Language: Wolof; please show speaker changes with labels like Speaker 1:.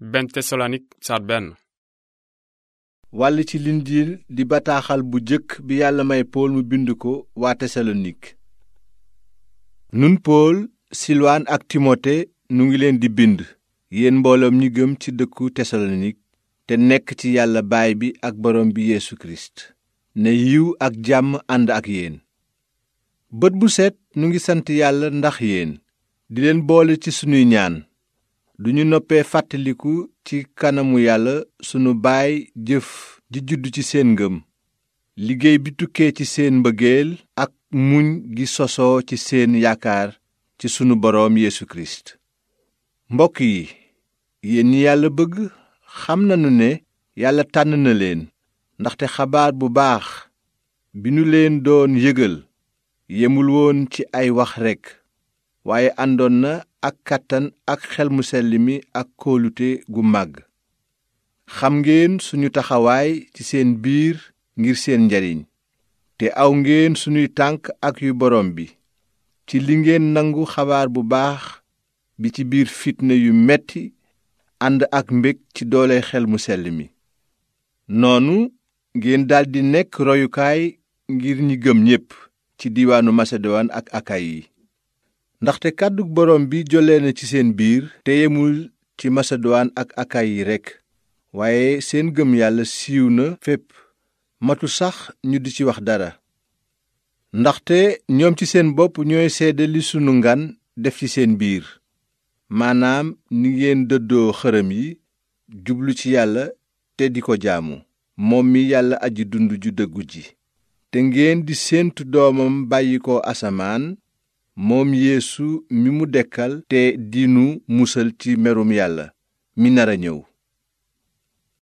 Speaker 1: benn tesalonik benn wàll ci lindiil di bataaxal bu jëkk bi yàlla may pool mu bind ko waa tesalonik nun pool silwaan ak timote nu ngi leen di bind yéen mbooloom ñi gëm ci dëkku tesalonik te nekk ci yàlla baay bi ak borom bi yeesu kirist ne yiw ak jàmm ànd ak yéen bët bu set nu ngi sant yàlla ndax yéen di leen boole ci sunuy ñaan duñu noppee fàttaliku ci kanamu yàlla sunu baay jëf ji judd ci seen ngëm liggéey bi tukkee ci seen mbëggeel ak muñ gi sosoo ci seen yaakaar ci sunu boroom Yeesu Kirist mbokk yi yéen ñi yàlla bëgg xam nanu ne yàlla tànn na leen ndaxte xabaar bu baax bi nu leen doon yëgal yemul woon ci ay wax rekk waaye àndoon na ak kàttan ak xel mu sell mi ak kóolute gu màgg xam ngeen suñu taxawaay ci seen biir ngir seen njariñ te aw ngeen suñuy tànk ak yu borom bi ci li ngeen nangu xabaar bu baax bi ci biir fitna yu metti ànd ak mbég ci doole xel mu sell mi noonu ngeen daldi nekk royukaay ngir ñi gëm ñépp ci diiwaanu maseduwaan ak yi ndaxte kàddu boroom bi jollee na ci seen biir te yemul ci maseduwaan ak akaay yi rekk waaye seen gëm yàlla siiw na fépp matu sax ñu di ci wax dara ndaxte ñoom ci seen bopp ñooy seede li sunu ngan def ci seen biir maanaam ni ngeen dëddoo xërëm yi jublu ci yàlla te di ko jaamu moom mi yàlla aji dund ju dëggu ji te ngeen di séentu doomam bàyyi ko asamaan moom yéesu mi mu dekkal te dinu musal ci merum yàlla mi nar a ñëw